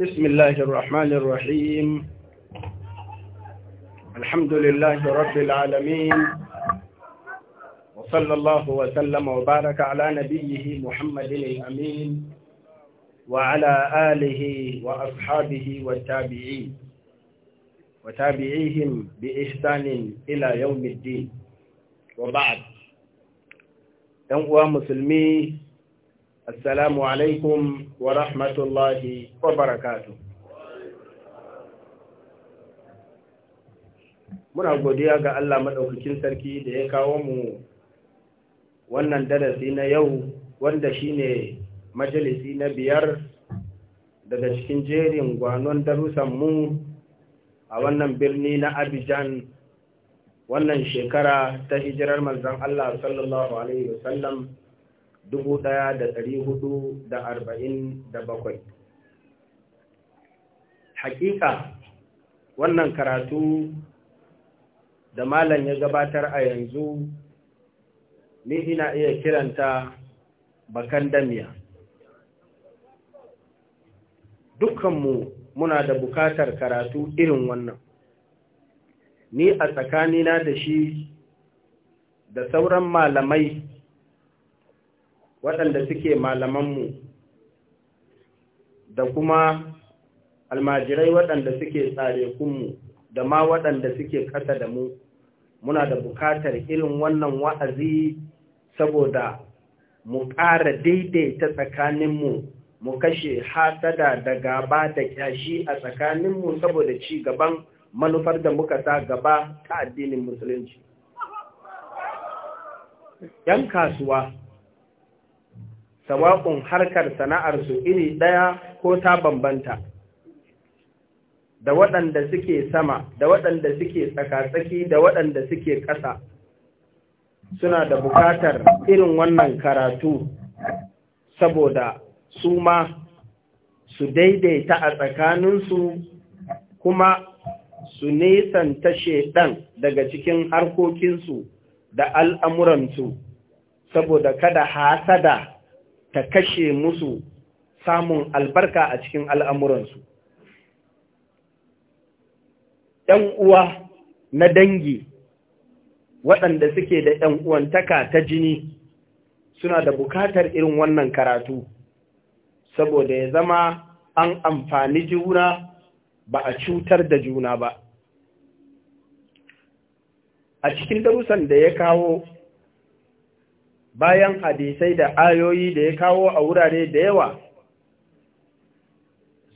بسم الله الرحمن الرحيم الحمد لله رب العالمين وصلى الله وسلم وبارك على نبيه محمد الأمين وعلى آله وأصحابه والتابعين وتابعيهم بإحسان إلى يوم الدين وبعد أنقوى uwa Assalamu alaikum wa rahmatullahi wa barakatu. Muna godiya ga Allah maɗaukakin sarki da ya kawo mu wannan darasi na yau wanda shine majalisi na biyar daga cikin jerin gwanon darussanmu a wannan birni na Abidjan wannan shekara ta hijirar manzan Allah sallallahu Alaihi wasallam dubu ɗaya da ɗari hudu da arba'in da bakwai. Hakika wannan karatu da malam ya gabatar a yanzu ni ina iya kiranta bakan damiya. Dukkanmu muna da bukatar karatu irin wannan. Ni a tsakanina da shi da sauran malamai waɗanda suke malamanmu da kuma almajirai waɗanda suke tsarekunmu da ma waɗanda suke ƙasa da mu muna da buƙatar irin wannan wa'azi saboda mu ƙara daidaita tsakaninmu mu kashe hasada da gaba da kyashi a tsakaninmu saboda ci gaban manufar da muka sa gaba ta addinin musulunci. ‘Yan kasuwa’ Sawaƙun harkar sana'arsu iri ɗaya ko ta bambanta da waɗanda suke sama da waɗanda suke tsakatsaki da waɗanda suke ƙasa suna da buƙatar irin wannan karatu saboda su ma su daidaita a tsakaninsu kuma su nesanta shaiɗan daga cikin harkokinsu da al'amuransu saboda kada hasada ta kashe musu samun albarka a cikin al'amuransu. ‘Yan uwa na dangi waɗanda suke da ‘yan uwantaka ta jini suna da bukatar irin wannan karatu, saboda ya zama an amfani juna ba a cutar da juna ba. A cikin darussan da ya kawo bayan hadisai da ayoyi da ya kawo a wurare da yawa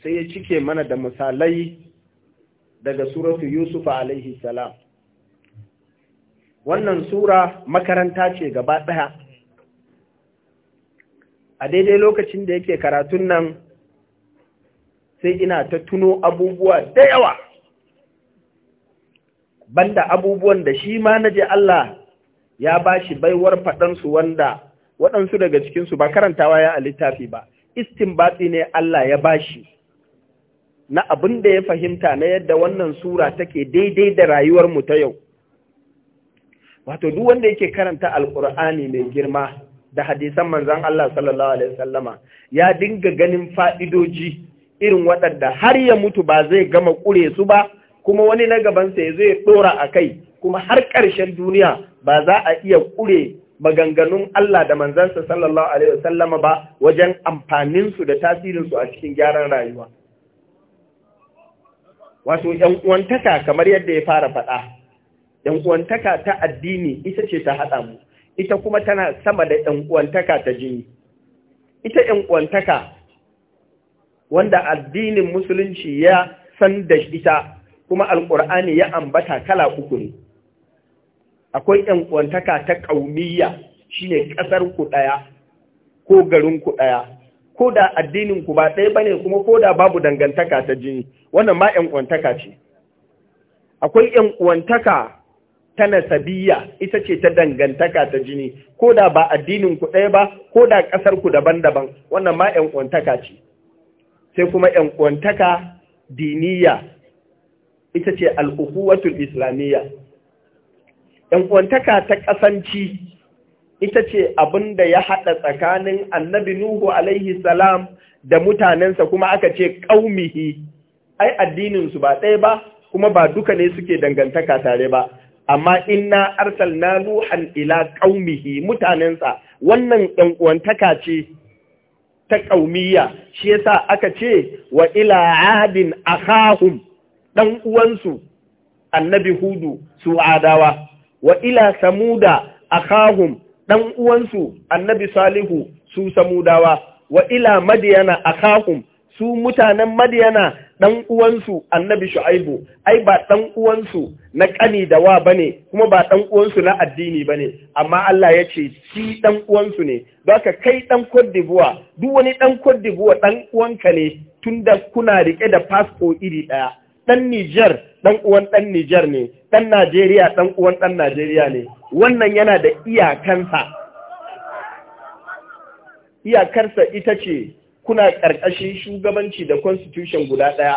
sai ya cike mana da misalai daga suratu Yusuf alaihi salam wannan sura makaranta ce gaba ɗaya a daidai lokacin da yake karatun nan sai ina ta tuno abubuwa da yawa banda abubuwan da shi ma naje Allah ya ba shi baiwar faɗansu wanda waɗansu daga cikinsu ba karantawa ya a littafi ba Istin batsi ne Allah ya ba shi na abin da ya fahimta na yadda wannan sura take daidai da rayuwar mu ta yau wato duk wanda yake karanta alkur'ani mai girma da hadisan manzan Allah sallallahu alaihi wasallama ya dinga ganin fa'idoji irin waɗanda har ya mutu ba zai gama ƙure su ba kuma wani na gabansa ya zai ɗora a kai kuma har ƙarshen duniya ba za a iya ƙure maganganun Allah da manzansa sallallahu alaihi wasallama ba wajen amfaninsu da tasirinsu a cikin gyaran rayuwa. Wato, ‘yan'uwantaka kamar yadda ya fara faɗa, ‘yan'uwantaka ta addini ita ce ta haɗa mu, ita kuma tana sama da ‘yan'uwantaka ta jini. Ita ‘yan'uwantaka wanda addinin musulunci ya san da ita kuma alƙur'ani ya ambata kala uku ne. akwai ‘yan kwantaka ta ƙaumiyya shine ƙasar ku ɗaya ko garin ku ɗaya ko da addinin ku ba ɗaya bane kuma ko da babu dangantaka ta jini wannan ma ‘yan kwantaka ce akwai ‘yan kwantaka ta nasabiyya ita ce ta dangantaka ta jini ko da ba addinin ku ɗaya ba ko da ƙasar ku daban-daban wannan ma ‘yan kwantaka ce sai kuma ‘yan kwantaka diniya ita ce al'ukuwatul islamiyya uwantaka ta ƙasanci ita ce abin da ya haɗa tsakanin annabi Nuhu alaihi salam da mutanensa kuma aka ce ƙaumihi, ai addininsu ba ɗaya ba, kuma ba duka ne suke dangantaka tare ba. Amma in arsal na Nuhan ila ƙaumihi mutanensa, wannan uwantaka ce ta ƙaumiyya shi yasa aka ce wa ila adin a ɗan uwansu annabi Hudu su adawa. wa ila samuda akahum dan uwansu annabi salihu su samudawa wa ila madiyana akahum su mutanen madiyana dan uwansu annabi shu'aibu ai ba dan uwansu na kani da wa bane kuma ba dan uwansu na addini bane amma Allah ya ce shi dan uwansu ne baka kai dan Cote duk wani dan Cote d'Ivoire dan uwanka ne tunda kuna rike da passport iri daya dan Niger ɗan uwan ɗan Nijar ne, ɗan Najeriya ɗan uwan ɗan Najeriya ne, wannan yana da iyakansa. Iyakarsa ita ce kuna ƙarƙashin shugabanci da constitution guda ɗaya.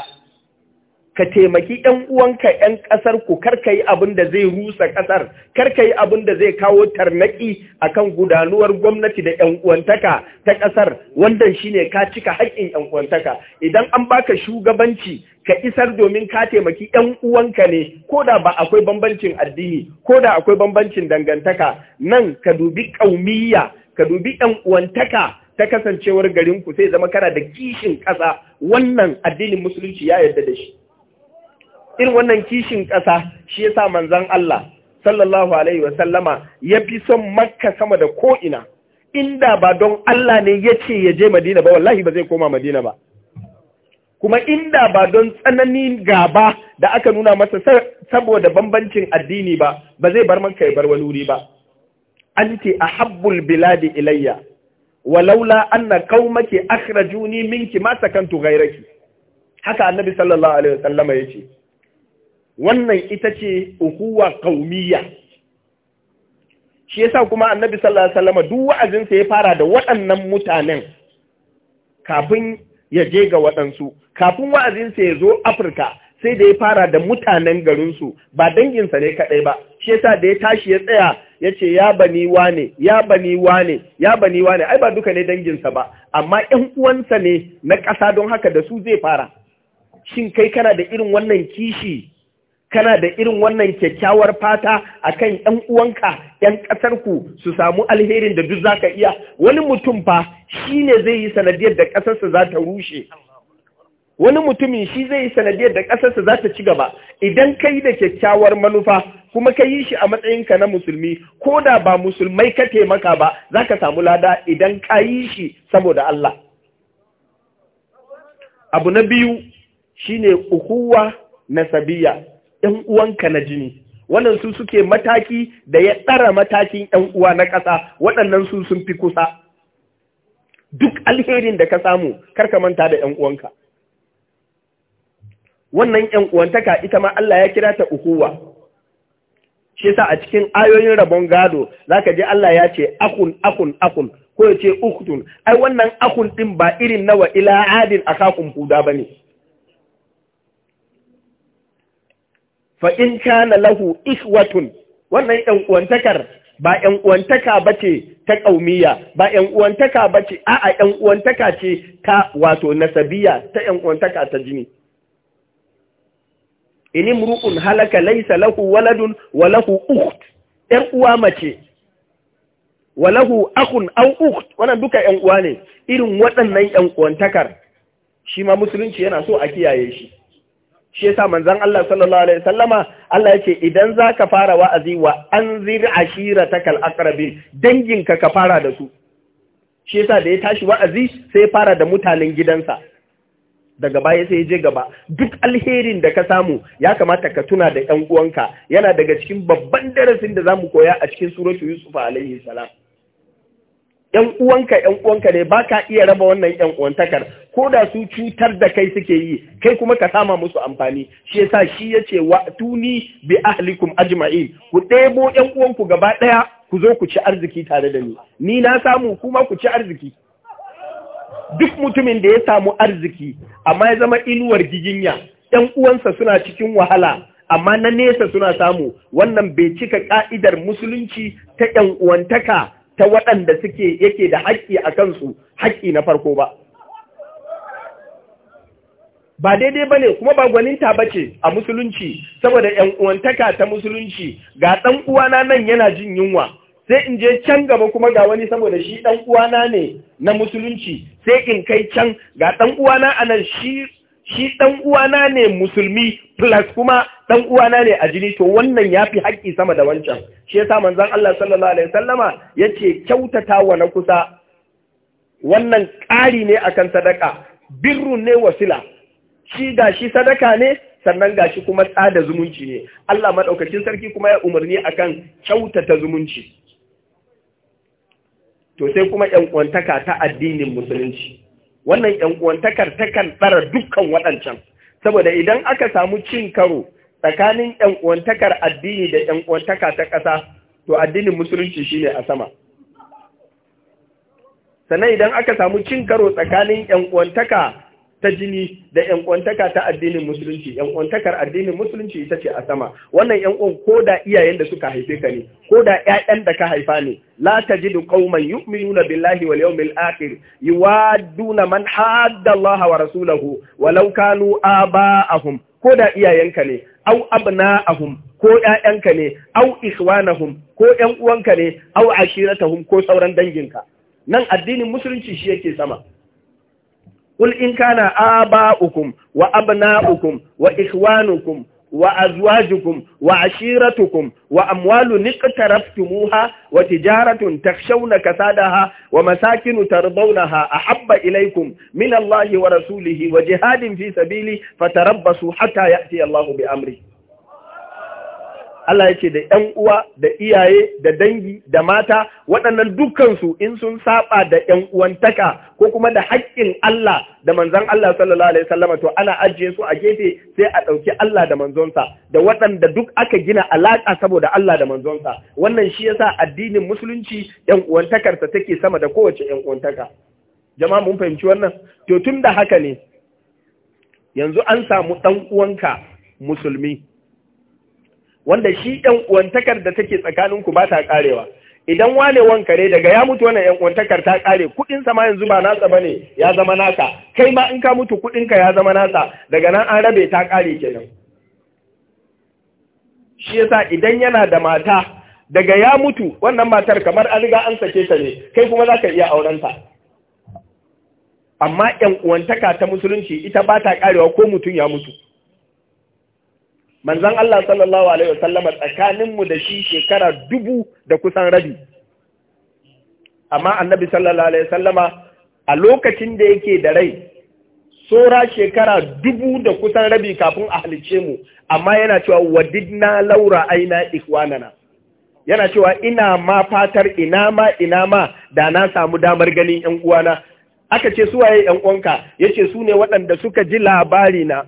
ka taimaki ‘yan uwanka ‘yan ƙasar ku ka yi abin da zai rusa ƙasar, Kar ka yi abin da zai kawo tarnaƙi a kan gudanuwar gwamnati da ‘yan uwantaka ta ƙasar, wannan shi ne ka cika haƙƙin ‘yan uwantaka. Idan an baka shugabanci ka isar domin ka taimaki ‘yan uwanka ne, ko da ba akwai bambancin addini, ko da akwai bambancin dangantaka, nan ka dubi ƙaumiyya, ka dubi ‘yan uwantaka, ta kasancewar garinku sai zama kana da kishin ƙasa wannan addinin musulunci ya yarda da shi. irin wannan kishin ƙasa shi ya sa manzan Allah sallallahu alaihi wasallama ya fi son makka sama da ko'ina inda ba don Allah ne ya ce ya je madina ba wallahi ba zai koma madina ba kuma inda ba don tsananin gaba da aka nuna masa saboda bambancin addini ba ba zai bar maka ya bar wani wuri ba anti ahabbul biladi ilayya walaula anna akra akhrajuni minki ma sakantu ghayraki haka annabi sallallahu alaihi wasallama yace wannan ita ce uhuwa kaumiyya shi yasa kuma annabi sallallahu alaihi wasallam duk wa'azinsa ya fara da waɗannan mutanen kafin ya je ga waɗansu kafin wa'azinsa ya zo Afirka sai da ya fara da mutanen garinsu ba danginsa ne kaɗai ba shi yasa da ya tashi ya tsaya ya ce ya bani wane ya bani wane ya bani wane ai ba duka ne danginsa ba amma 'yan uwansa ne na ƙasa don haka da su zai fara shin kai kana da irin wannan kishi kana da irin wannan kyakkyawar fata a kan 'yan uwanka 'yan ƙasarku su samu alherin da duk za ka iya wani mutum fa ne zai yi sanadiyar da ƙasarsa za ta rushe wani mutumin shi zai yi sanadiyar da ƙasarsa za ta ci gaba idan ka yi da kyakkyawar manufa kuma ka yi shi a matsayinka na musulmi ko da ba musulmai ka taimaka ba za ka samu lada idan ka yi shi saboda Allah abu na biyu shi shine ukuwa nasabiyya ‘yan uwanka na jini wannan su suke mataki da ya tsara matakin ‘yan uwa na ƙasa waɗannan su sun fi kusa duk alherin da ka samu karka manta da ‘yan uwanka wannan ‘yan uwantaka ita ma Allah ya kira ta ukuwa shi yasa a cikin ayoyin rabon gado za ka ji Allah ya ce akun akun akun ko ya ce uktun ai wannan akun ɗin ba irin nawa ila adin a kakun huda ba ne. fa in kana lahu ikhwatun wannan yan uwantakar ba yan uwantaka bace ta ƙaumiya, ba yan uwantaka bace a'a yan uwantaka ce ta wato nasabiya ta yan uwantaka ta jini in imru'un halaka laysa lahu waladun wa lahu ukht yan uwa mace wa lahu akhun aw ukht wannan duka yan uwa ne irin waɗannan yan uwantakar shi ma musulunci yana so a kiyaye shi shi yasa manzon Allah sallallahu alaihi wasallama Allah yace idan zaka fara wa'azi wa anzir ashiratakal aqrabin danginka ka fara da su shi yasa da ya tashi wa'azi sai fara da mutanen gidansa daga baya sai je gaba duk alherin da ka samu ya kamata ka tuna da ɗan uwanka yana daga cikin babban darasin da zamu koya a cikin suratu yusuf alaihi salam ƴan uwanka ɗan uwanka ne baka iya raba wannan ɗan uwantakar ko da su cutar da kai suke yi kai kuma ka sama musu amfani shi yasa shi yace wa tuni bi ahlikum ajma'in ku ɗebo 'yan uwanku gaba ɗaya ku zo ku ci arziki tare da ni ni na samu kuma ku ci arziki duk mutumin da ya samu arziki amma ya zama inuwar giginya 'yan uwansa suna cikin wahala amma na nesa suna samu wannan bai cika ka'idar musulunci ta 'yan uwantaka ta waɗanda suke yake da haƙƙi a kansu haƙƙi na farko ba ba daidai ba ne kuma ba gwaninta ba ce a musulunci saboda ‘yan uwantaka ta musulunci ga ɗan uwana nan yana jin yunwa sai in je can gaba kuma ga wani saboda shi ɗan uwana ne na musulunci sai in kai can ga ɗan uwana a nan shi ɗan uwana ne musulmi plus kuma ɗan uwana ne a jini to wannan ya fi haƙƙi sama da wancan shi yasa manzon Allah sallallahu alaihi wasallama yace kyautata wa na kusa wannan ƙari ne akan sadaka birru ne wasila shi shi sadaka ne sannan gashi kuma tsada zumunci ne Allah madaukakin sarki kuma ya umarni akan kyautata zumunci to sai kuma ƴan uwantaka ta addinin musulunci wannan ƴan uwantakar kan tsara dukkan waɗancan saboda idan aka samu cin karo tsakanin ƴan uwantakar addini da ƴan uwantaka ta ƙasa to addinin musulunci shine a sama sannan idan aka samu cin karo tsakanin ƴan uwantaka ta jini da yankwantaka ta addinin musulunci yankwantakar addinin musulunci ita ce a sama wannan yankon ko da iyayen da suka haife ka ne ko da ƴaƴan da ka haifa ne la tajidu qauman yu'minuna billahi wal yawmil akhir yuwadduna man hadda Allah wa rasulahu walau kanu aba'ahum ko da iyayenka ne au abna'ahum ko ƴaƴanka ne au ikhwanahum ko ƴan uwanka ne au ashiratahum ko sauran danginka nan addinin musulunci shi yake sama قل إن كان آباؤكم وأبناؤكم وإخوانكم وأزواجكم وعشيرتكم وأموال اقترفتموها وتجارة تخشون كسادها ومساكن ترضونها أحب إليكم من الله ورسوله وجهاد في سبيله فتربصوا حتى يأتي الله بأمره Allah ya ce da ‘yan uwa, da iyaye, da dangi, da mata, waɗannan dukansu in sun saba da ‘yan uwantaka ko kuma da haƙƙin Allah da manzon Allah sallallahu Alaihi wasallam to ana ajiye su a gefe sai a ɗauki Allah da manzonsa, da waɗanda duk aka gina alaƙa saboda Allah da manzonsa. Wannan shi yasa addinin musulunci ‘yan uwantakarsa take sama da kowace ‘yan uwantaka. Jama'a mun fahimci wannan? To tun da haka ne, yanzu an samu ɗan uwanka musulmi. wanda shi ɗan uwantakar da take tsakaninku ba ta karewa idan wane wanka ne, daga ya mutu wannan yan uwantakar ta kare kuɗin sa ma yanzu ba nasa bane ya zama naka kai ma in ka mutu kuɗin ka ya zama nasa daga nan an rabe ta kare kenan shi yasa idan yana da mata daga ya mutu wannan matar kamar an riga an sake ta ne kai kuma za ka iya auren ta amma yan uwantaka ta musulunci ita ba ta karewa ko mutum ya mutu manzon Allah sallallahu alaihi wasallama tsakaninmu da shi shekara dubu da kusan rabi amma annabi sallallahu alaihi wasallama a lokacin da yake da rai tsora shekara dubu da kusan rabi kafin a halice mu amma yana cewa na laura aina ikwanana yana cewa ina ma fatar ina ma ina ma da na samu damar ganin yan uwana aka ce su waye yan uwanka yace su ne waɗanda suka ji labari na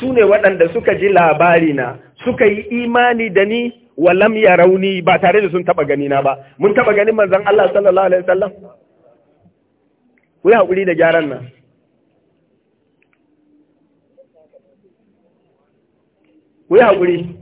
su ne waɗanda suka ji labarina suka yi imani da ni wa lam rauni ba tare da sun taɓa ganina ba mun taɓa ganin manzan Allah sallallahu alaihi wasallam ku yi haƙuri da gyaran nan ku yi haƙuri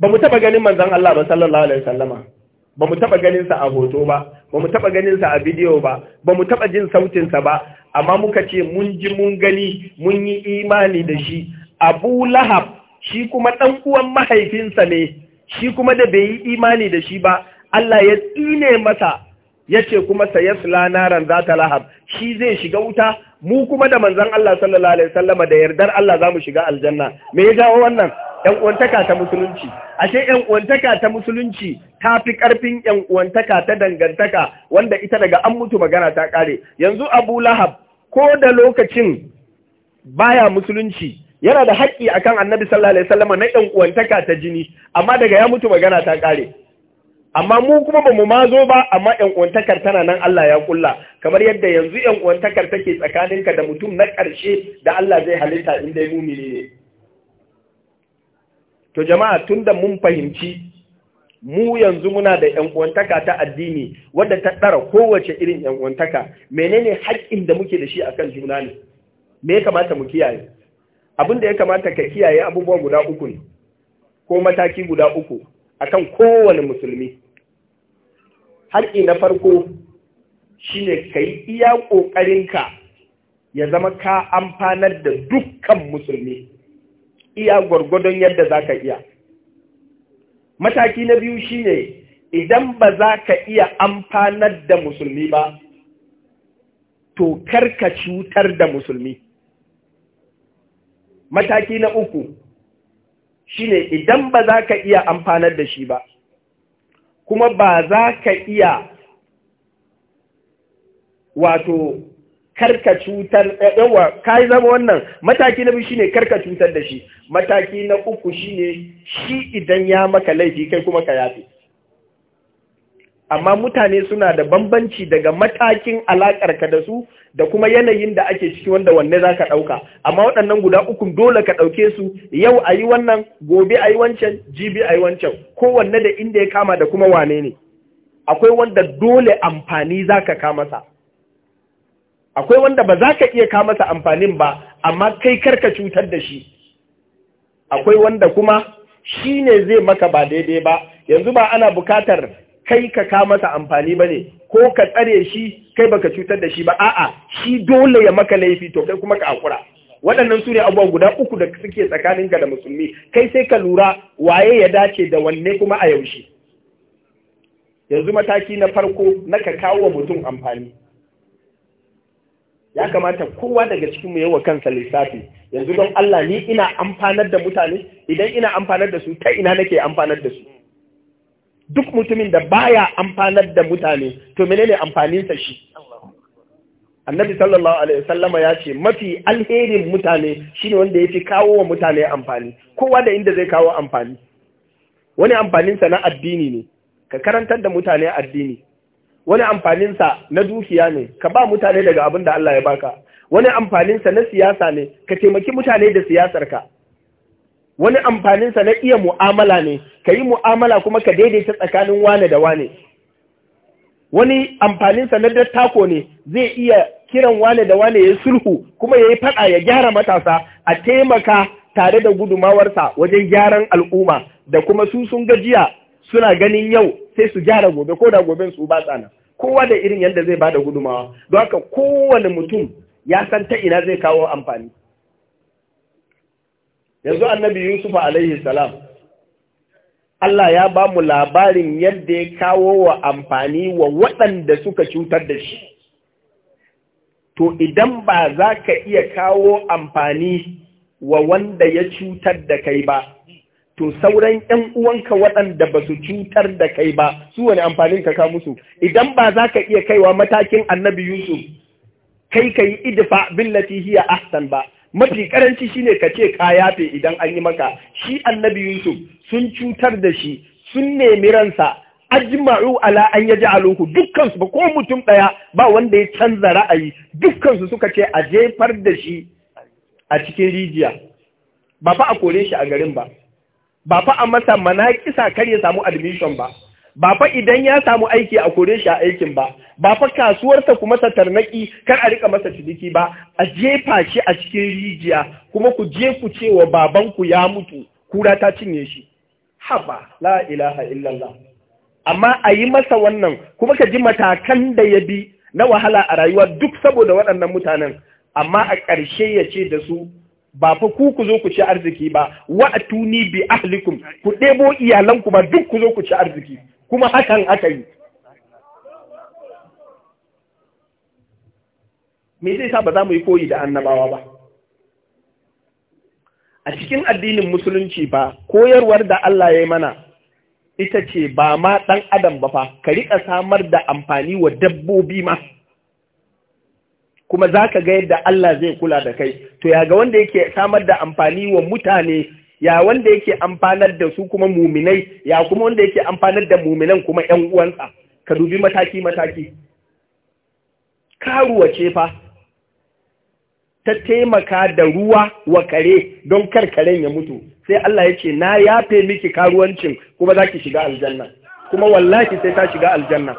ba mu taɓa ganin manzan Allah ba sallallahu alaihi wasallama ba mu taɓa ganinsa a hoto ba ba mu taɓa ganinsa a bidiyo ba ba mu taɓa jin sautinsa ba amma muka ce mun ji mun gani mun yi imani da shi abu lahab shi kuma ɗan uwan mahaifinsa ne shi kuma da bai yi imani da shi ba Allah ya tsine masa ya ce kuma sayasla naran za ta lahab shi zai shiga wuta mu kuma da manzon Allah sallallahu alaihi wasallama da yardar Allah za mu shiga aljanna me ya jawo wannan ‘yan ta musulunci, ashe ‘yan uwantaka ta musulunci ta fi ƙarfin ‘yan uwantaka ta dangantaka wanda ita daga an mutu magana ta ƙare. Yanzu Abu Lahab ko da lokacin baya musulunci yana da haƙƙi akan Annabi sallallahu na ‘yan uwantaka ta jini, amma daga ya mutu magana ta ƙare. Amma mu kuma ba mu ma zo ba, amma yan'uwantakar tana nan Allah ya kulla, kamar yadda yanzu 'yanuwantakar take tsakaninka da mutum na ƙarshe da Allah zai halitta inda ya mumi ne. to jama'a tun da mun fahimci mu yanzu muna da yan uwantaka ta addini wadda ta ɗara kowace irin yan uwantaka menene haƙƙin da muke da shi a kan juna ne me ya kamata mu kiyaye abin da ya kamata ka kiyaye abubuwa guda uku ne ko mataki guda uku akan kowane musulmi haƙƙi na farko shine ka yi iya ƙoƙarinka ya zama ka amfanar da dukkan musulmi iya gwargwadon yadda za ka iya mataki na biyu shine idan ba za ka iya amfanar da musulmi ba to karka cutar da musulmi mataki na uku shine idan ba za ka iya amfanar da shi ba kuma ba za ka iya wato karka cutar eh, yawa kai zama wannan mataki na biyu shine karka cutar da shi mataki na uku shine shi idan ya maka laifi kai kuma ka yafe amma mutane suna da bambanci daga matakin ka da su da kuma yanayin da ake ciki wanda wanne za ka ɗauka amma waɗannan guda uku dole ka ɗauke su yau a yi wannan gobe a yi wancan jibi a yi wancan kowanne da inda ya kama da kuma wane ne akwai wanda dole amfani za ka kama sa akwai wanda ba za ka iya ka amfanin ba amma kai karka cutar da shi akwai wanda kuma shi ne zai maka ba daidai ba yanzu ba ana bukatar kai ka ka masa amfani ba ne ko ka tsare shi kai baka cutar da shi ba a'a shi dole ya maka laifi to kai kuma ka akura. waɗannan su ne abubuwa guda uku da suke tsakaninka da musulmi kai sai ka lura waye ya dace da wanne kuma a yaushe yanzu mataki na farko na ka kawo mutum amfani ya kamata kowa daga cikin mu yawa kansa lissafi yanzu don Allah ni ina amfanar da mutane idan ina amfanar da su ta ina nake amfanar da su duk mutumin da baya amfanar da mutane to menene amfaninsa shi annabi sallallahu alaihi wasallama ya ce mafi alherin mutane shine wanda yake kawo wa mutane amfani kowa da inda zai kawo amfani wani amfaninsa na addini ne ka karantar da mutane addini wani amfaninsa na dukiya ne ka ba mutane daga abin da Allah ya baka wani amfaninsa na siyasa ne ka taimaki mutane da siyasarka wani amfaninsa na iya mu'amala ne ka yi mu'amala kuma ka daidaita tsakanin wane da wane wani amfaninsa na dattako ne zai iya kiran wane da wane ya sulhu kuma ya yi faɗa ya gyara matasa a taimaka tare da gudumawarsa wajen gyaran al'umma da kuma su sun gajiya suna ganin yau sai su gyara gobe ko da gobe su ba tsana kowa da irin yadda zai bada gudumawa don haka kowane mutum ya san ta ina zai kawo amfani yanzu annabi yusuf alaihi salam Allah ya ba mu labarin yadda ya kawo wa amfani wa waɗanda suka cutar da shi to idan ba za ka iya kawo amfani wa wanda ya cutar da kai ba to sauran ‘yan uwanka waɗanda ba su cutar da kai ba su wani amfanin ka ka musu idan ba za ka iya kaiwa matakin annabi yusuf kai ka yi idifa billati hiya ahsan ba mafi karanci shine ka ce ka yafe idan an yi maka shi annabi yusuf sun cutar da shi sun nemi ransa ajma'u ala an yaj'aluhu dukkan su ba ko mutum ɗaya ba wanda ya canza ra'ayi dukkan su suka ce a jefar da shi a cikin rijiya ba fa a kore shi a garin ba ba fa a masa manakisa kar ya samu admission ba ba fa idan ya samu aiki a kore shi a aikin ba ba fa kasuwarsa kuma ta tarnaki kar a rika masa ciniki ba a jefa shi a cikin rijiya kuma ku je ku ce wa babanku ya mutu kura ta cinye shi haba la ilaha illallah amma a yi masa wannan kuma ka ji matakan da ya bi na wahala a rayuwa duk saboda waɗannan mutanen amma a ƙarshe ya ce da su ba fa ku ku zo ku ci arziki ba wa atuni bi ahlikum ku ɗebo iyalanku ba duk ku zo ku ci arziki kuma hakan aka yi me zai sa ba za mu yi koyi da annabawa ba a cikin addinin musulunci ba koyarwar da Allah ya yi mana ita ce ba ma dan adam ba fa ka riƙa samar da amfani wa dabbobi ma kuma za ka ga yadda Allah zai kula da kai to ya ga wanda yake samar da amfani wa mutane ya wanda yake amfanar da su kuma muminai ya kuma wanda yake amfanar da muminan kuma 'yan uwansa ka dubi mataki mataki karuwa ce fa ta taimaka da ruwa wa kare don kar karen ya mutu sai Allah ya ce na yafe miki karuwancin kuma za ki shiga aljanna kuma wallahi sai ta shiga aljanna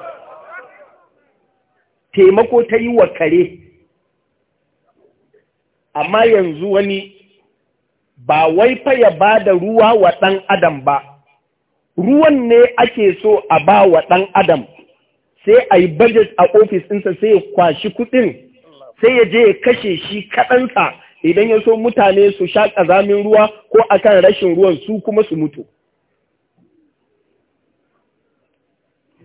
taimako ta yi wa kare amma yanzu wani ba wai fa ya ba da ruwa wa ɗan adam ba ruwan ne ake so a ba wa ɗan adam sai a yi budget a ofis ɗinsa sai ya kwashi kuɗin sai ya je ya kashe shi kaɗansa idan ya so mutane su sha ƙazamin ruwa ko akan rashin ruwan su kuma su mutu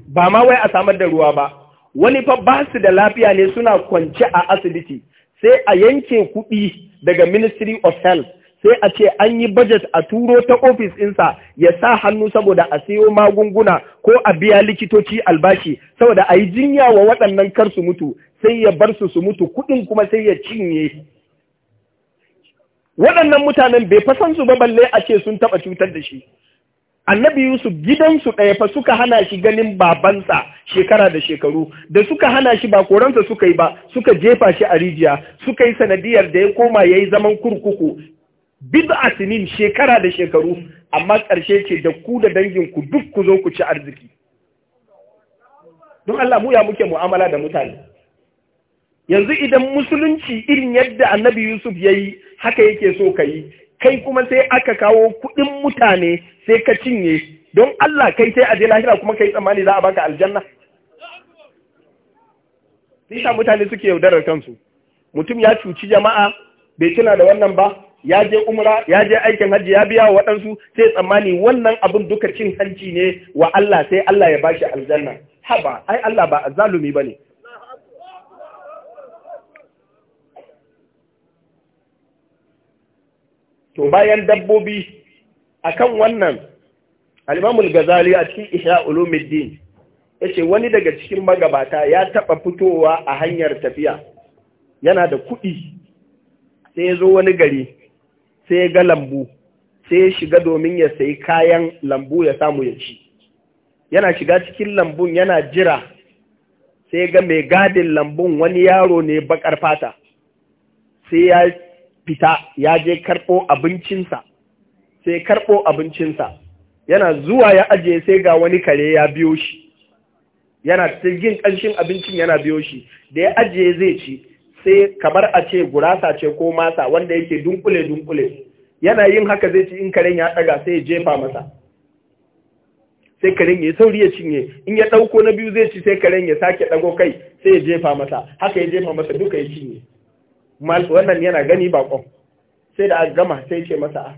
ba ma wai a samar da ruwa ba wani fa ba su da lafiya ne suna kwance a asibiti sai a yanke kuɗi daga Ministry of Health sai a ce an yi budget a turo ta ofis insa ya sa hannu saboda a siyo magunguna ko a biya likitoci albashi saboda a yi jinya wa waɗannan kar su mutu sai ya bar su su mutu kuɗin kuma sai ya cinye waɗannan mutanen bai fasan su ba balle a ce sun taɓa cutar da shi annabi Yusuf gidansu ɗaya fa suka hana shi ganin babansa shekara da shekaru da suka hana shi ba koransa suka yi ba suka jefa shi a rijiya suka yi sanadiyar da ya koma ya yi zaman kurkuku a sinin shekara da shekaru amma ƙarshe ce da ku da danginku duk ku zo ku ci arziki don Allah mu ya muke mu'amala da mutane yanzu idan musulunci irin yadda annabi Yusuf ya yi haka yake so ka yi kai kuma sai aka kawo kuɗin mutane sai ka cinye don Allah kai sai a je lahira kuma kai tsammani za a baka aljanna sai mutane suke yaudarar kansu mutum ya cuci jama'a bai tuna da wannan ba ya je umra ya je aikin hajji ya biya wa waɗansu sai tsammani wannan abin duka cin hanci ne wa Allah sai Allah ya bashi aljanna haba ai Allah ba azzalumi ne. to bayan dabbobi akan wannan Alimamul gazali a cikin Ihya Ulumuddin ce wani daga cikin magabata ya taɓa fitowa a hanyar tafiya yana da kuɗi sai ya zo wani gari sai ya ga lambu sai ya shiga domin ya sayi kayan lambu ya samu ya ci yana shiga cikin lambun yana jira sai ga mai gadin lambun wani yaro ne bakar fata sai ya fita ya je karɓo abincinsa sai karɓo abincinsa yana zuwa ya ajiye sai ga wani kare ya biyo shi yana cikin ƙanshin abincin yana biyo shi da ya ajiye zai ci sai kamar a ce gurasa ce ko masa wanda yake dunkule-dunkule yana yin haka zai ci in karen ya ɗaga sai ya jefa masa sai karen ya sauri ya cinye in ya ɗauko na biyu zai ci sai karen ya sake ɗago kai sai ya jefa masa haka ya jefa masa duka ya cinye wannan yana gani bakon sai da aka gama sai ce masa ah,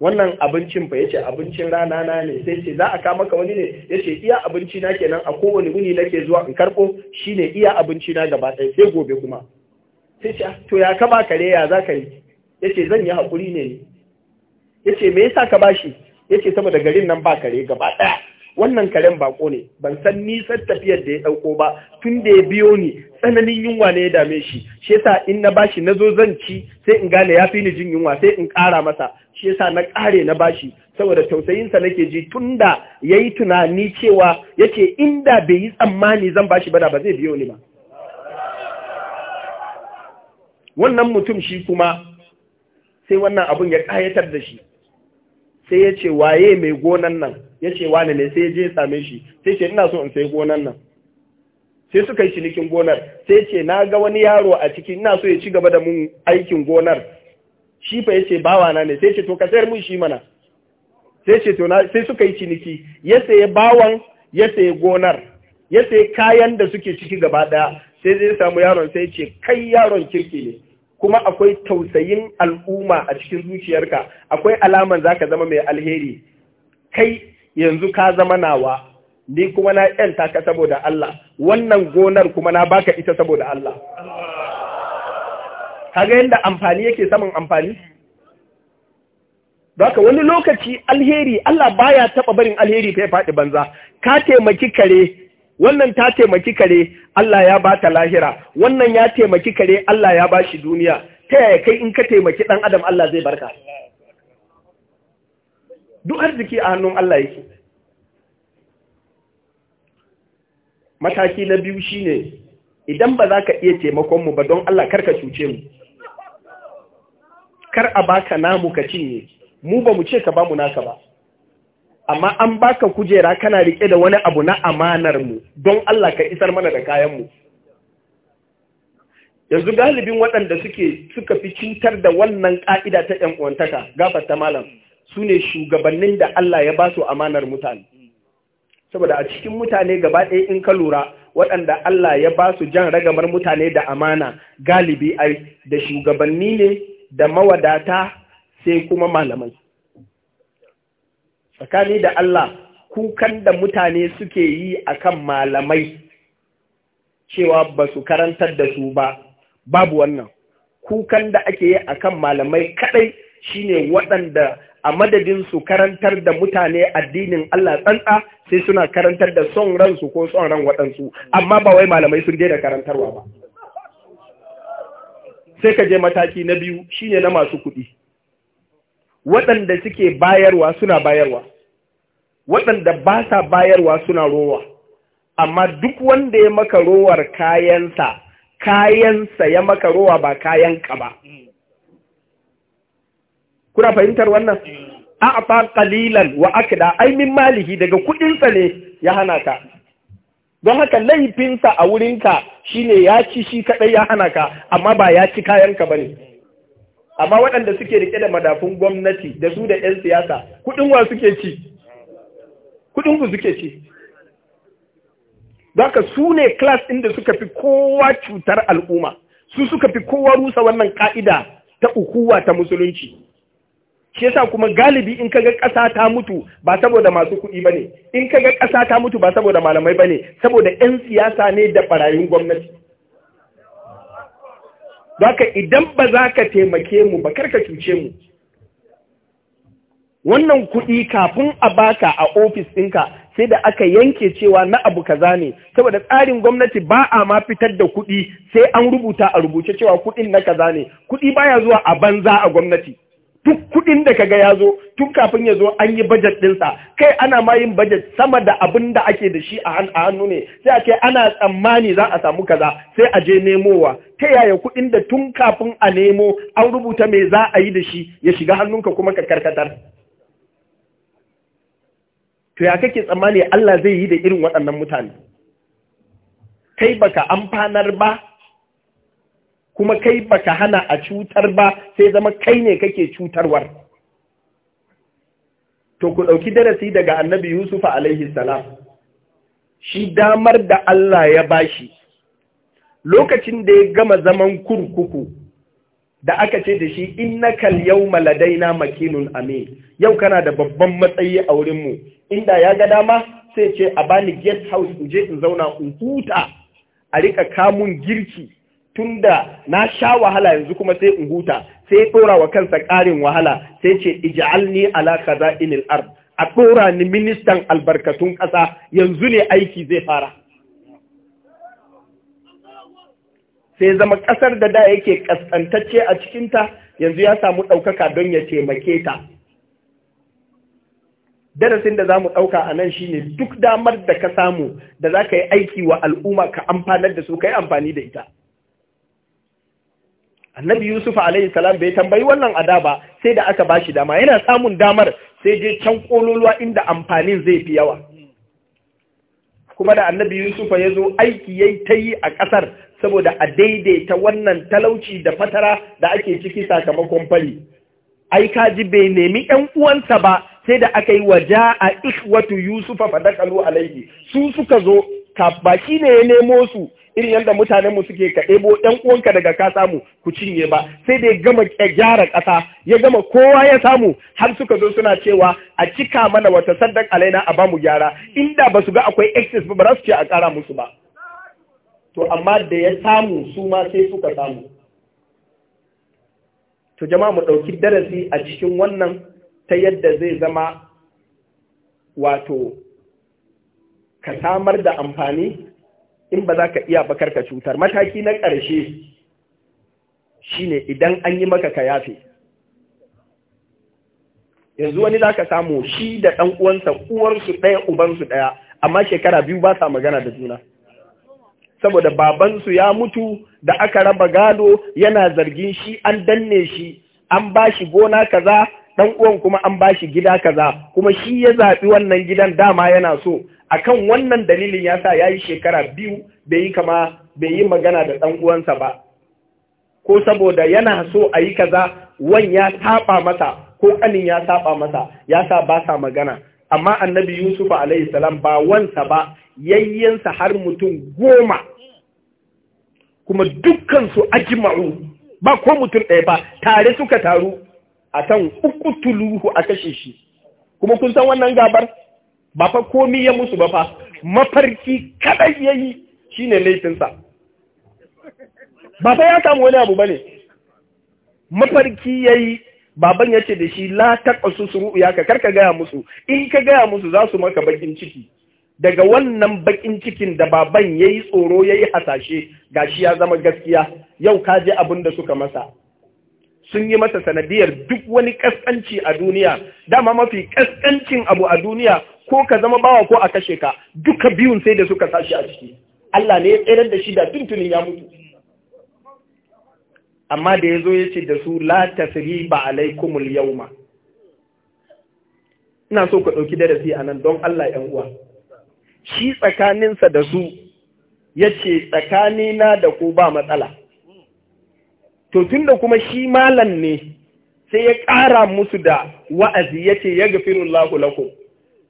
wannan abincin fa yace abincin rana na ne sai ce za a ka maka wani ne yace iya abinci na kenan a kowane guni nake zuwa in karbo shine iya abinci na gaba ɗaya sai gobe kuma sai ce ah, to ya ka ba kare ya za yi yace zan yi hakuri ne yace me yasa ka bashi yace saboda garin nan ba kare gaba ɗaya wannan karen bako ne ban san nisan tafiyar da ya ɗauko ba tun da ya biyo ni tsananin yunwa ne ya dame shi shi yasa in na bashi na zo zan ci sai in gane ya fi ni jin yunwa sai in ƙara masa shi yasa na ƙare na bashi saboda tausayinsa nake ji tun da ya yi tunani cewa in inda bai yi tsammani zan bashi ba da ba zai biyo ni ba wannan mutum shi kuma sai wannan abun ya ƙayatar da shi sai ya ce waye mai gonan nan ya ce wani ne sai je same shi sai ce ina so in sai gonar nan sai suka yi cinikin gonar sai ce na ga wani yaro a ciki ina so ya ci gaba da mun aikin gonar shi fa yace bawa na ne sai ce to ka sayar mun shi mana sai ce to na sai suka yi ciniki ya saye bawan ya saye gonar ya saye kayan da suke ciki gaba daya sai zai samu yaron sai ce kai yaron kirki ne kuma akwai tausayin al'umma a cikin zuciyarka akwai alaman zaka zama mai alheri kai yanzu ka zama nawa ni kuma na yanta ka saboda Allah wannan gonar kuma na baka ita saboda Allah kaga yadda amfani yake saman amfani Baka wani lokaci alheri Allah baya taba barin alheri fa ya faɗi banza ka taimaki kare wannan ta taimaki kare Allah ya ba ta lahira wannan ya taimaki kare Allah ya ba shi duniya ta yaya kai in ka taimaki ɗan adam Allah zai barka duk arziki a hannun Allah yake mataki na biyu shine idan ba za ka iya taimakon mu ba don Allah kar ka cuce mu kar a baka namu ka cinye mu ba mu ce ka ba mu naka ba amma an baka kujera kana rike da wani abu na amanar mu don Allah ka isar mana da kayan mu yanzu galibin waɗanda suke suka fi cutar da wannan ƙa'ida ta ‘yan uwantaka gafata malam su ne shugabannin da Allah ya ba su amanar mutane saboda a cikin mutane gaba ɗaya in ka lura waɗanda Allah ya ba su jan ragamar mutane da amana galibi ai da shugabanni ne da mawadata sai kuma malamai tsakani da Allah kukan da mutane suke yi akan malamai cewa ba su karantar da su ba babu wannan kukan da ake yi akan malamai kaɗai shine waɗanda a madadin su karantar da mutane addinin Allah tsantsa sai suna karantar da son ransu ko son ran waɗansu amma ba wai malamai sun daina karantarwa ba sai ka je mataki na biyu shine na masu kuɗi waɗanda suke bayarwa suna bayarwa waɗanda ba sa bayarwa suna rowa amma duk wanda ya maka rowar kayansa kayansa ya maka rowa ba kayanka ba kuna fahimtar wannan fa kalilan wa aka ai min malihi daga kudinsa ne ya hana ka don haka laifinsa a wurinka shine ya ci shi kaɗai ya hana ka amma ba ya ci kayan ka ne. amma waɗanda suke rike da madafun gwamnati da su da 'yan siyasa kudin wa suke ci kudin ku suke ci haka su ne class ɗin da suka fi kowa cutar al'umma, su suka fi kowa rusa wannan ka'ida ta ukuwa ta musulunci. shi yasa kuma galibi in kaga ƙasa ta mutu ba saboda masu kuɗi bane in kaga ƙasa ta mutu ba saboda malamai bane saboda 'yan siyasa ne da ɓarayin gwamnati Zaka idan ba za ka taimake mu ba karka cuce mu wannan kuɗi kafin a baka a ofis ɗinka sai da aka yanke cewa na abu kaza ne saboda tsarin gwamnati ba a ma fitar da kuɗi sai an rubuta a rubuce cewa kuɗin na kaza ne kuɗi baya zuwa a banza a gwamnati duk kuɗin da kaga ya zo tun kafin ya zo an yi bajet ɗinsa kai ana ma yin bajet sama da abin da ake da shi a hannu ne sai a kai ana tsammani za a samu kaza sai a je nemowa ta yaya kuɗin da tun kafin a nemo an rubuta mai za a yi da shi ya shiga hannunka kuma ka karkatar to ya kake tsammani Allah zai yi da irin waɗannan mutane kai baka amfanar ba kuma kai baka hana a cutar ba sai zama kai ne kake cutarwar to ku ɗauki darasi daga annabi yusuf alaihi salam shi damar da Allah ya bashi lokacin da ya gama zaman kurkuku da aka ce da shi in na innakal yawma na makinun amin yau kana da babban matsayi a wurin mu inda ya ga dama sai ce a bani guest house in je in zauna in huta a rika kamun girki Tun da na sha wahala yanzu kuma sai in huta sai ɗora wa kansa ƙarin wahala sai ce ija'alni ala inil ard a ɗora ni ministan albarkatun ƙasa yanzu ne aiki zai fara sai zama ƙasar da da yake ƙasƙantacce a cikinta yanzu ya samu ɗaukaka don ya taimake ta darasin da za mu ɗauka a nan shine duk damar da ka samu da za ka yi aiki wa al'umma ka amfanar da su ka yi amfani da ita annabi yusuf alayhi salam bai tambayi wannan ada ba sai da aka bashi dama yana samun damar sai je can kololuwa inda amfanin zai fi yawa kuma da annabi yusuf ya zo aiki yayi ta yi a ƙasar saboda a daidaita wannan talauci da fatara da ake ciki sakamakon fari ai ji bai nemi ƴan uwansa ba sai da aka yi wa ja'a ikhwatu yusufa fadakalu alayhi su suka zo baki ne ya nemo su irin yadda mutanen mu suke ka ɗebo ɗan uwanka daga ka samu ku cinye ba sai dai gama gyara ƙasa ya gama kowa ya samu har suka zo suna cewa a cika mana wata sandan alaina a bamu gyara inda ba su ga akwai excess ba ba su ce a ƙara musu ba to amma da ya samu su ma sai suka samu to jama'a mu ɗauki darasi a cikin wannan ta yadda zai zama wato ka samar da amfani in ba za ka iya bakar ka cutar mataki na ƙarshe shine idan an yi maka ka yafe yanzu wani za ka samu shi da ɗan uwansa uwarsu ɗaya ubansu ɗaya amma shekara biyu ba sa magana da juna saboda babansu ya mutu da aka raba gado yana zargin shi an danne shi an ba shi gona kaza ɗan uwan kuma an ba shi gida kaza kuma shi ya zaɓi wannan gidan dama yana so akan wannan dalilin ya sa ya yi shekara biyu bai yi kama bai yi magana da ɗan uwansa ba ko saboda yana so a yi kaza wan ya saba masa ko ƙanin ya saba masa ya sa ba sa magana amma annabi yusuf alaihi ba wansa ba yayyansa har mutum goma kuma dukkansu ajma'u ba ko mutum ɗaya ba tare suka taru a kan uku tuluhu a kashe shi kuma kun san wannan gabar ba fa komi ya musu ba fa mafarki kadai yayi shine laifinsa ba fa ya samu wani abu bane mafarki yayi baban yace da shi la taqasu ru'ya ka karka gaya musu in ka gaya musu za su maka bakin ciki daga wannan bakin cikin da baban yayi tsoro yayi hasashe gashi ya zama gaskiya yau ka je abin da suka masa sun yi masa sanadiyar duk wani kaskanci a duniya dama mafi kaskancin abu a duniya ko ka zama bawa ko a kashe ka duka biyun sai da suka sashi a ciki Allah ne ya tsirar da shi da tuntunin ya mutu amma da ya zo ya ce da su la tasriba alaikumul yawma ina so ka ɗauki darasi a nan don Allah ‘yan uwa. Shi tsakaninsa da su ya ce tsakanina da ku ba matsala. To tun da kuma shi malam ne sai ya ƙara musu da wa'azi ya ce ya gafirun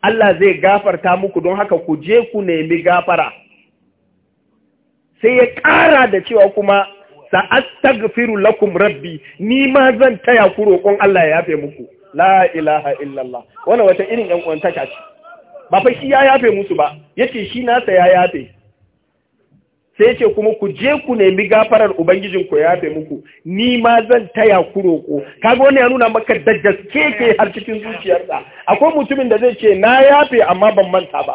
Allah zai gafarta muku don haka ku je ku nemi gafara sai ya ƙara da cewa kuma sa'ad gafiru lakum rabbi ni ma zan taya ku roƙon Allah ya yafe muku la ilaha illallah Wani wata irin yan ta ce ba fa shi ya yafe musu ba yace shi nasa ya yafe sai ce kuma ku je ku nemi gafarar ubangijin ku ya yafe muku ni ma zan taya ku roƙo kaga wannan ya nuna maka da gaske ke har cikin zuciyarsa akwai mutumin da zai ce na yafe amma ban manta ba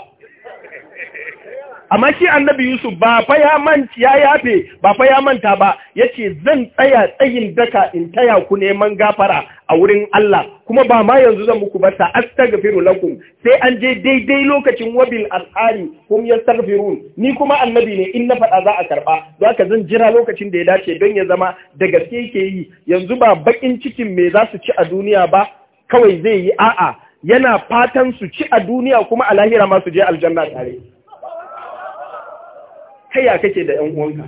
amma shi annabi Yusuf ba fa ya manta ya yafe ba fa ya manta ba yace zan tsaya tsayin daka in taya ku neman gafara a wurin Allah kuma ba ma yanzu zan muku ba ta astaghfiru lakum sai an je daidai lokacin wabil ashari hum yastaghfirun ni kuma annabi ne in na faɗa za a karba zaka ka zan jira lokacin da ya dace don ya zama da gaske yake yi yanzu ba bakin cikin me za su ci a duniya ba kawai zai yi a'a yana fatan su ci a duniya kuma a lahira ma su je aljanna tare kai ya kake da yan uwanka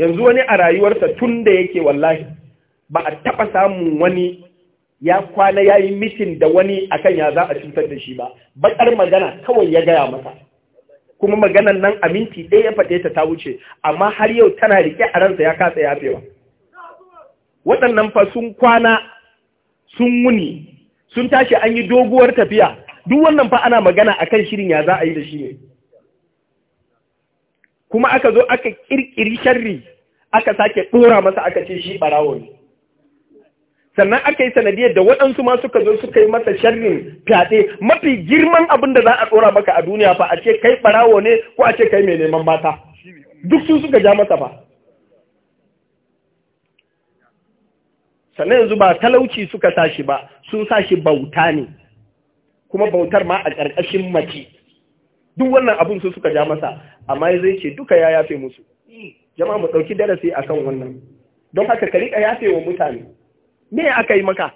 yanzu wani a rayuwarsa tun da yake wallahi ba a taɓa samun wani ya kwana ya yi mitin da wani akan ya za a cutar da shi ba baƙar magana kawai ya gaya masa kuma maganan nan a minti ɗaya ya faɗe ta ta wuce amma har yau tana riƙe a ransa ya katsa yafewa waɗannan fa sun kwana sun wuni sun tashi an yi doguwar tafiya duk wannan fa ana magana akan shirin ya za a yi da shi ne kuma aka zo aka kirkiri sharri aka sake ɗora masa aka ce shi ɓarawo ne sannan aka yi sanadiyar da waɗansu ma suka zo suka yi masa sharrin fyaɗe mafi girman abin da za a ɗora maka a duniya fa a ce kai ɓarawo ne ko a ce kai mai neman mata duk su suka ja masa ba sannan yanzu ba talauci suka sa shi ba sun sa shi bauta ne kuma bautar ma a ƙarƙashin mace duk wannan abun su suka ja masa amma zai ce duka ya yafe musu jama'a mu ɗauki darasi akan wannan don haka ka rika yafe wa mutane me aka yi maka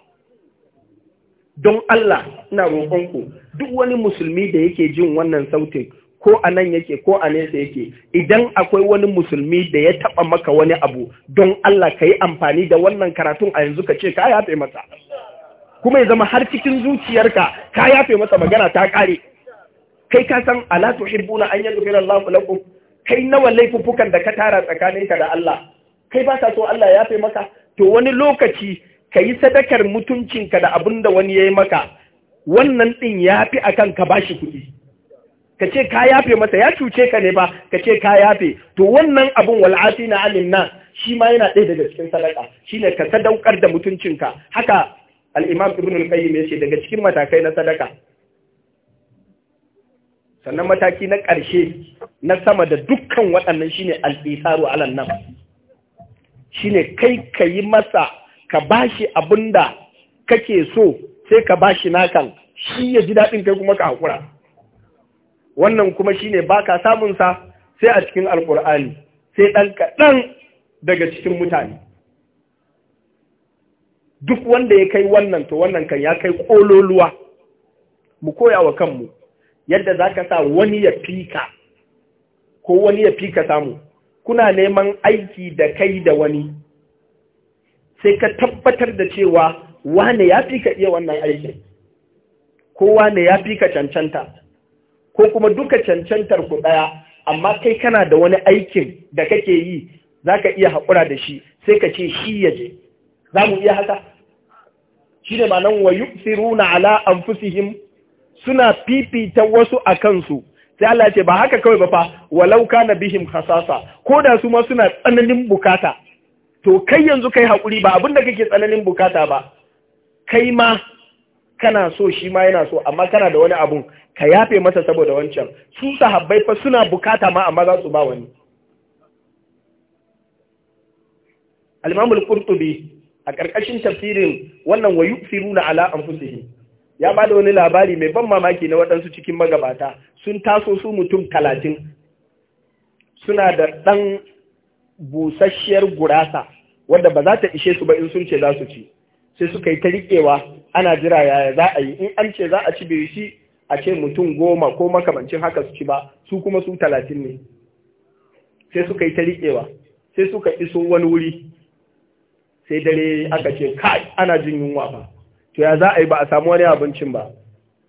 don Allah ina roƙonku duk wani musulmi da yake jin wannan sautin ko a nan yake ko a nesa yake idan akwai wani musulmi da ya taɓa maka wani abu don Allah ka yi amfani da wannan karatun a yanzu ka ce ka yafe masa kuma ya zama har cikin zuciyarka ka yafe masa magana ta ƙare kai ka san ala tuhibbuna an yaghfira Allahu lakum kai nawa laifuffukan da ka tara tsakaninka da Allah kai ba ka so Allah ya fi maka to wani lokaci ka yi sadakar mutuncinka da abin da wani ya yi maka wannan ɗin yafi akan ka bashi shi kuɗi ka ce ka yafe masa ya cuce ka ne ba ka ce ka yafe to wannan abun wal'asi na alim na shi ma yana ɗaya daga cikin sadaka shi ne ka sadaukar da mutuncinka haka al'imam ibn al-qayyim ya ce daga cikin matakai na sadaka sannan mataki na ƙarshe na sama da dukkan waɗannan shine ne al’isaru alan nan shine kai ka yi masa ka bashi da kake so sai ka ba shi nakan shi ya ji daɗin kai kuma ka haƙura wannan kuma shi ne baka samun sa sai a cikin alƙur'ani sai ɗan kaɗan daga cikin mutane duk wanda ya kai wannan to wannan kan ya kai ƙololuwa mu koya wa kanmu yadda za ka sa wani ya fi ka, ko wani ya fi ka samu kuna neman aiki da kai da wani sai ka tabbatar da cewa wane ya fi ka iya wannan aikin ko wane ya fi ka cancanta ko kuma duka cancantar ku ɗaya amma kai kana da wani aikin da kake yi za ka iya haƙura da shi sai ka ce shi ya je za mu iya haka shi ne ma nan wa yi ala an suna fifita wasu a kansu sai Allah ce ba haka kawai ba fa walau na bihim khasasa ko da su ma suna tsananin bukata to kai yanzu kai hakuri ba abinda kake tsananin bukata ba kai ma kana so shi ma yana so amma kana da wani abun ka yafe masa saboda wancan su sahabbai fa suna bukata ma amma za su ba wani al-Imam a ƙarƙashin tafsirin wannan wa na ala anfusihim ya ba da wani labari mai ban mamaki na waɗansu cikin magabata sun taso su mutum talatin suna da ɗan busasshiyar gurasa wadda ba za ta ishe su ba in sun ce za su ci sai suka yi ta riƙewa ana jira yaya za a yi in an ce za a ci bai shi a ce mutum goma ko makamancin haka su ci ba su kuma su talatin ne sai suka yi ta riƙewa sai suka iso wani wuri sai dare aka ce kai ana jin yunwa ba to ya za a yi ba a samu wani abincin ba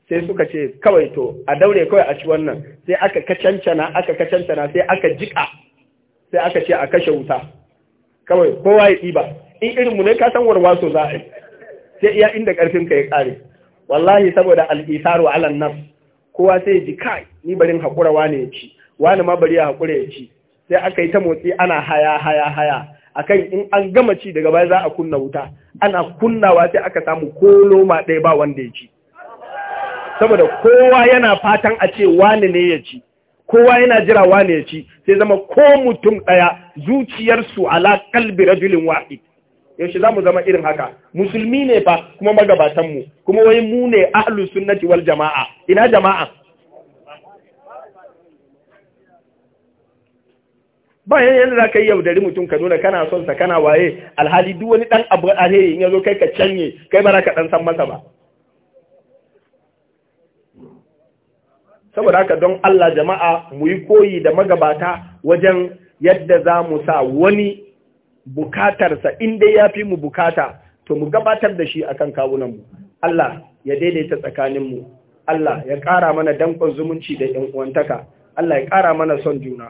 sai suka ce kawai to a daure kawai a ci wannan sai aka kacancana aka kacancana sai aka jika sai aka ce a kashe wuta kawai kowa ya ɗiba in irinmu ne ka san so za a yi sai iya inda ƙarfin ka ya ƙare wallahi saboda al'isaru alan nan kowa sai ji kai ni barin haƙura wane ya ci wani ma bari ya haƙura ya ci sai aka yi ta motsi ana haya haya haya A akan in an gama ci daga baya za a kunna wuta ana kunnawa sai aka samu ko loma ɗaya ba wanda ya ci saboda kowa yana fatan a ce wani ne ya ci kowa yana jira wani ya ci sai zama ko mutum ɗaya zuciyarsu ala kalbi rajulin wahid yaushe za mu zama irin haka musulmi ne fa kuma magabatanmu kuma wai mu ne ahlus sunnati wal jama'a ina jama'a Bayan yadda za ka yi yaudari mutum ka nuna kana son sa kana waye alhali duk wani dan abu alheri in yazo kai ka canye kai ba ka dan san masa ba saboda haka don Allah jama'a mu yi koyi da magabata wajen yadda za mu sa wani bukatarsa in dai ya fi mu bukata to mu gabatar da shi akan kawunanmu Allah ya daidaita tsakaninmu Allah ya ƙara mana danƙon zumunci da ƴan uwantaka Allah ya ƙara mana son juna